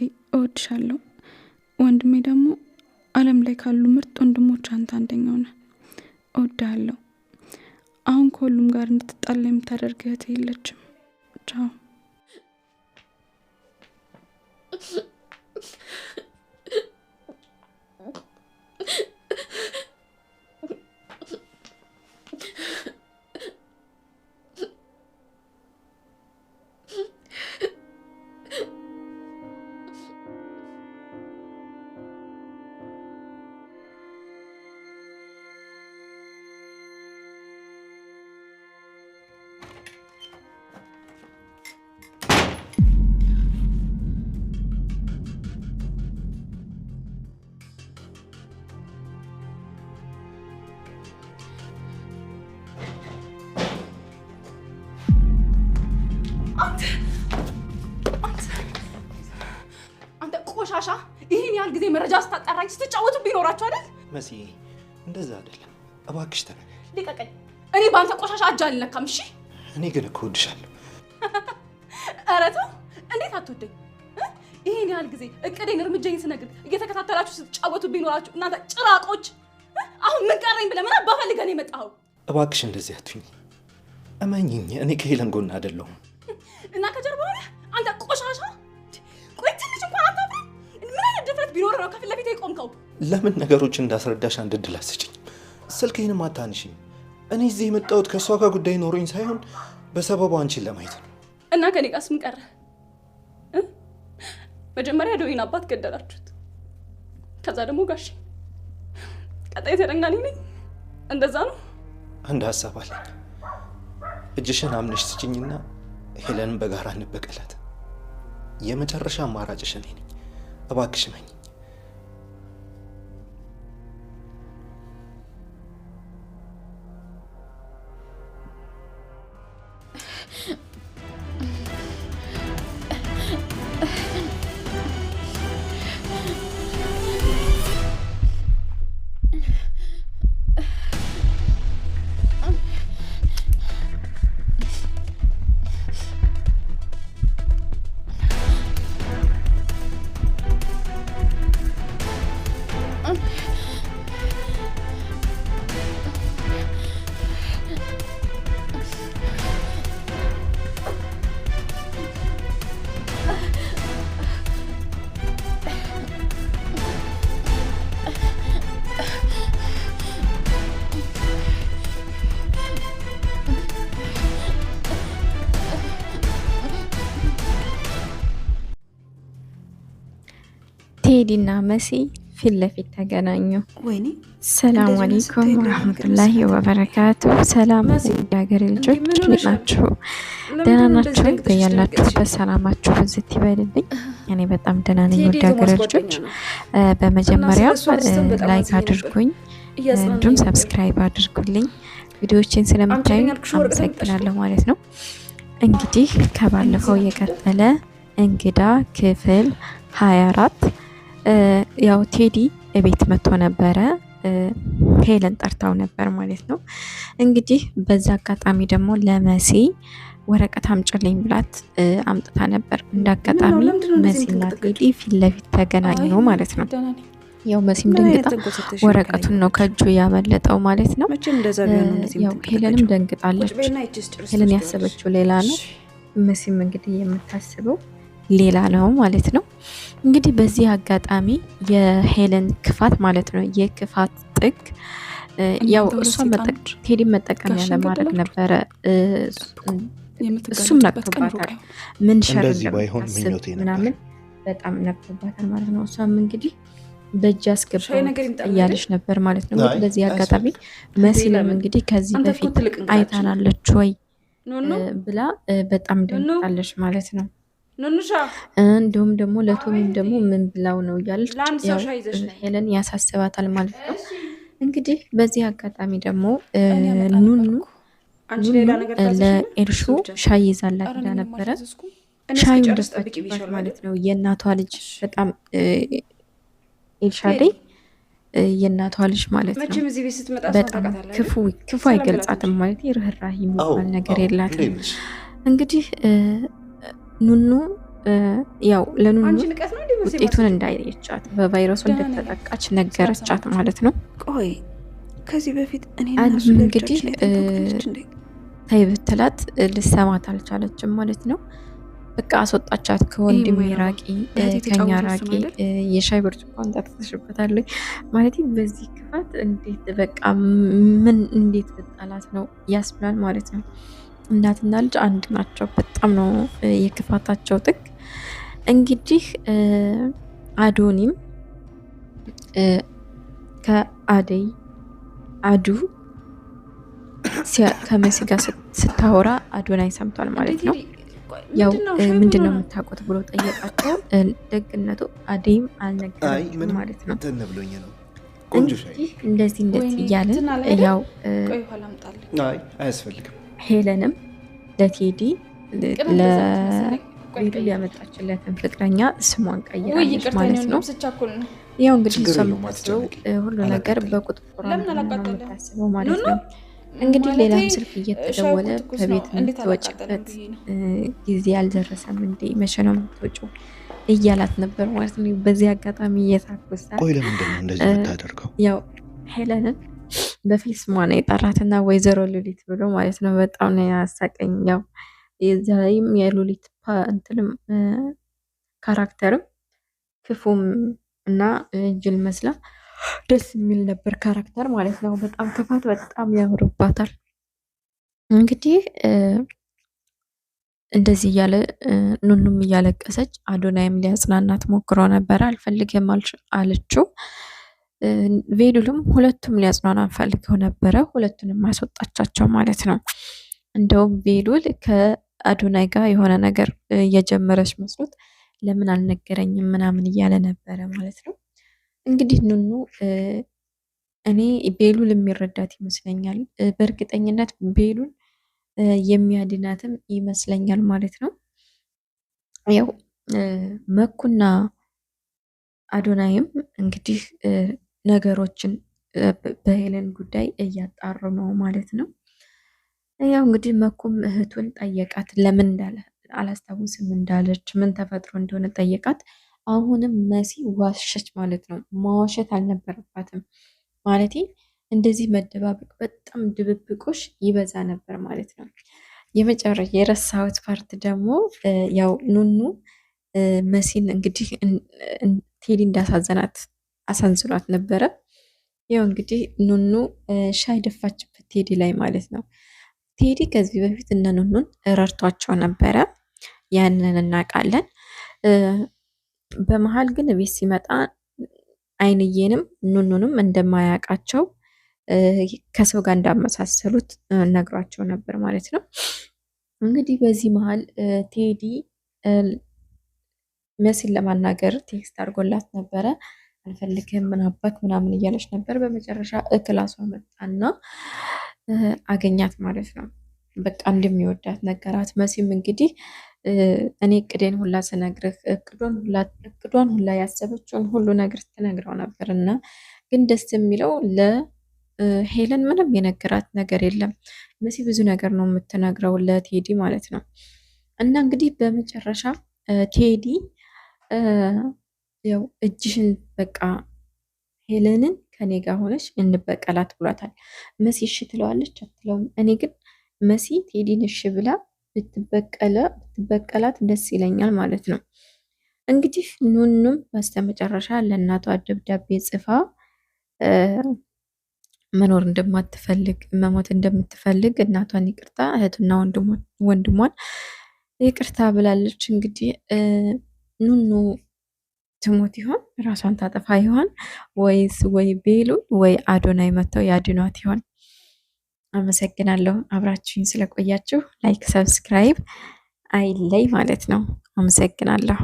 እህቴ እወድሻለሁ። ወንድሜ ደግሞ አለም ላይ ካሉ ምርጥ ወንድሞች አንተ አንደኛው ነ እወድሃለሁ። አሁን ከሁሉም ጋር እንድትጣላ የምታደርግ እህቴ የለችም። ቻው። ያህል ጊዜ መረጃ ስታጠራኝ ስትጫወቱ ቢኖራችሁ አይደል? መሲ እንደዛ አይደለም። እባክሽ ተነ ሊቀቀኝ። እኔ በአንተ ቆሻሻ እጅ አልነካም። እሺ እኔ ግን እኮ እወድሻለሁ። ኧረ ተው፣ እንዴት አትወደኝ? ይህን ያህል ጊዜ እቅዴን እርምጃዬን ስነግር እየተከታተላችሁ ስትጫወቱ ቢኖራችሁ እናንተ ጭራቆች። አሁን ምን ቀረኝ ብለህ ምን አባፈልገን የመጣኸው? እባክሽ እንደዚህ አትሁኝ። እመኝኝ፣ እኔ ከሄለን ጎን አይደለሁም እና ከጀርባ ሆነህ አንተ ቆሻሻ እውነት ቢኖር ነው ከፊት ለፊት የቆምከው። ለምን ነገሮች እንዳስረዳሽ አንድ እድል አስጭኝ። ስልኬንም አታንሺ። እኔ እዚህ የመጣሁት ከእሷ ጋር ጉዳይ ኖሮኝ ሳይሆን በሰበቡ አንቺን ለማየት ነው። እና ከኔ ጋርስ ምን ቀረ? መጀመሪያ ዶይን አባት ገደላችሁት፣ ከዛ ደግሞ ጋሽ ቀጣይ ተደንጋኔ ነኝ። እንደዛ ነው። አንድ ሀሳብ አለኝ። እጅሽን አምነሽ ስጭኝና ሄለንም በጋራ እንበቀላት። የመጨረሻ አማራጭሽ እኔ ነኝ። እባክሽ መኝ ቴዲና መሲ ፊት ለፊት ተገናኙ። ሰላም አለይኩም ወራህመቱላሂ ወበረካቱ። ሰላም የሀገሬ ልጆች እንዴት ናችሁ? ደህና ናችሁ? በያላችሁበት ሰላማችሁ ብዝት ይበልልኝ። እኔ በጣም ደህና ነኝ። ወደ ሀገሬ ልጆች በመጀመሪያ ላይክ አድርጉኝ፣ እንዲሁም ሰብስክራይብ አድርጉልኝ። ቪዲዮዎችን ስለምታዩ አመሰግናለሁ ማለት ነው። እንግዲህ ከባለፈው የቀጠለ እንግዳ ክፍል ሀያ አራት ያው ቴዲ ቤት መጥቶ ነበረ። ሄለን ጠርታው ነበር ማለት ነው። እንግዲህ በዛ አጋጣሚ ደግሞ ለመሲ ወረቀት አምጭልኝ ብላት አምጥታ ነበር። እንደ አጋጣሚ መሲና ቴዲ ፊት ለፊት ተገናኙ ማለት ነው። ያው መሲም ደንግጣ ወረቀቱን ነው ከእጁ ያመለጠው ማለት ነው። ያው ሄለንም ደንግጣለች። ሄለን ያሰበችው ሌላ ነው። መሲም እንግዲህ የምታስበው ሌላ ነው ማለት ነው። እንግዲህ በዚህ አጋጣሚ የሄለን ክፋት ማለት ነው የክፋት ጥግ ያው እሷን ቴዲ መጠቀሚያ ለማድረግ ነበረ። እሱም ነቅቶባታል። ምን ሸር ምናምን በጣም ነቅቶባታል ማለት ነው። እሷም እንግዲህ በእጅ አስገባ እያለች ነበር ማለት ነው። በዚህ አጋጣሚ መሲልም እንግዲህ ከዚህ በፊት አይታናለች ወይ ብላ በጣም ደንግጣለች ማለት ነው። እንዲሁም ደግሞ ለቶሚም ደግሞ ምን ብላው ነው እያለች ሄለን ያሳስባታል ማለት ነው። እንግዲህ በዚህ አጋጣሚ ደግሞ ኑኑ ለኤርሹ ሻይ ይዛላት ሄዳ ነበረ። ሻዩ ደፋችባት ማለት ነው። የእናቷ ልጅ በጣም ኤልሻዴ የእናቷ ልጅ ማለት ነው። በጣም ክፉ ክፉ አይገልጻትም ማለት ርኅራኄ የሚባል ነገር የላትም እንግዲህ ኑኑ ያው ለኑኑ ውጤቱን እንዳየቻት በቫይረሱ እንደተጠቃች ነገረቻት ማለት ነው። ቆይ ከዚህ በፊት እንግዲህ ተይ ብትላት ልሰማት አልቻለችም ማለት ነው። በቃ አስወጣቻት። ከወንድሜ ራቂ፣ ከኛ ራቂ፣ የሻይ ብርጭቆ አንጣጥተሽበታል ማለት በዚህ ክፋት እንዴት በቃ ምን እንዴት ብጣላት ነው ያስብላል ማለት ነው። እናትና ልጅ አንድ ናቸው። በጣም ነው የክፋታቸው ጥግ። እንግዲህ አዶኒም ከአደይ አዱ ከመሲ ጋር ስታወራ አዶናይ ሰምቷል ማለት ነው። ያው ምንድን ነው የምታውቁት ብሎ ጠየቃቸው። ደግነቱ አደይም አልነገረም ማለት ነው። እንደዚህ እንደዚህ እያለን ያው አያስፈልግም ሄለንም ለቴዲ ያመጣችለትን ፍቅረኛ ስሟን ቀይራለች ማለት ነው። ያው እንግዲህ እሷ የምታስበው ሁሉ ነገር በቁጥጥሯ የምታስበው ማለት ነው። እንግዲህ ሌላም ስልክ እየተደወለ ከቤት የምትወጭበት ጊዜ አልደረሰም እንዴ? መቼ ነው የምትወጪው እያላት ነበር ማለት ነው። በዚህ አጋጣሚ እየሳኩሳ ያው ሄለንን በፊል ስሟ ነው የጠራትና ወይዘሮ ሉሊት ብሎ ማለት ነው። በጣም ነው ያሳቀኝ። ያው ላይም የሉሊት እንትልም ካራክተርም ክፉም እና ጅል መስላ ደስ የሚል ነበር ካራክተር ማለት ነው። በጣም ክፋት በጣም ያምርባታል። እንግዲህ እንደዚህ እያለ ኑኑም እያለቀሰች አዶናይም ሊያጽናናት ሞክሮ ነበረ። አልፈልግም አለችው። ቬሉልም ሁለቱም ሊያጽናናን ፈልገው ነበረ። ሁለቱንም ማስወጣቻቸው ማለት ነው። እንደውም ቬሉል ከአዶናይ ጋር የሆነ ነገር እየጀመረች መስሎት ለምን አልነገረኝም ምናምን እያለ ነበረ ማለት ነው። እንግዲህ ኑኑ እኔ ቤሉል የሚረዳት ይመስለኛል። በእርግጠኝነት ቤሉል የሚያድናትም ይመስለኛል ማለት ነው። ያው መኩና አዶናይም እንግዲህ ነገሮችን በሄለን ጉዳይ እያጣሩ ነው ማለት ነው። ያው እንግዲህ መኩም እህቱን ጠየቃት። ለምን እንዳለ አላስታውስም እንዳለች ምን ተፈጥሮ እንደሆነ ጠየቃት። አሁንም መሲ ዋሸች ማለት ነው። ማዋሸት አልነበረባትም ማለት እንደዚህ መደባበቅ፣ በጣም ድብብቆሽ ይበዛ ነበር ማለት ነው። የመጨረሻ የረሳሁት ፓርት ደግሞ ያው ኑኑ መሲን እንግዲህ ቴዲ እንዳሳዘናት አሳንስሏት ነበረ። ያው እንግዲህ ኑኑ ሻይ ደፋችበት ቴዲ ላይ ማለት ነው። ቴዲ ከዚህ በፊት እነ ኑኑን ረድቷቸው ነበረ፣ ያንን እናውቃለን። በመሀል ግን ቤት ሲመጣ አይንዬንም ኑኑንም እንደማያውቃቸው ከሰው ጋር እንዳመሳሰሉት ነግሯቸው ነበር ማለት ነው። እንግዲህ በዚህ መሀል ቴዲ መሲን ለማናገር ቴክስት አድርጎላት ነበረ። አንፈልግህም ምን ምናምን እያለች ነበር። በመጨረሻ እክላሷ መጣና አገኛት ማለት ነው። በቃ እንደሚወዳት ነገራት። መሲም እንግዲህ እኔ እቅዴን ሁላ ስነግርህ እቅዷን ሁላ ያሰበችውን ሁሉ ነገር ስትነግረው ነበር እና ግን ደስ የሚለው ለሄለን ምንም የነገራት ነገር የለም። መሲ ብዙ ነገር ነው የምትነግረው ለቴዲ ማለት ነው። እና እንግዲህ በመጨረሻ ቴዲ ያው እጅሽን በቃ ሄለንን ከኔ ጋር ሆነች እንበቀላት ብሏታል። መሲ እሺ ትለዋለች አትለውም? እኔ ግን መሲ ቴዲን እሺ ብላ ብትበቀላት ደስ ይለኛል ማለት ነው። እንግዲህ ኑኑም በስተመጨረሻ ለእናቷ ደብዳቤ ጽፋ መኖር እንደማትፈልግ መሞት እንደምትፈልግ እናቷን ይቅርታ እህቱና ወንድሟን ይቅርታ ብላለች። እንግዲህ ኑኑ ትሞት ይሆን? ራሷን ታጠፋ ይሆን? ወይስ ወይ ቤሉል ወይ አዶናይ መጥተው ያድኗት ይሆን? አመሰግናለሁ። አብራችሁኝ ስለቆያችሁ ላይክ፣ ሰብስክራይብ አይለይ ማለት ነው። አመሰግናለሁ።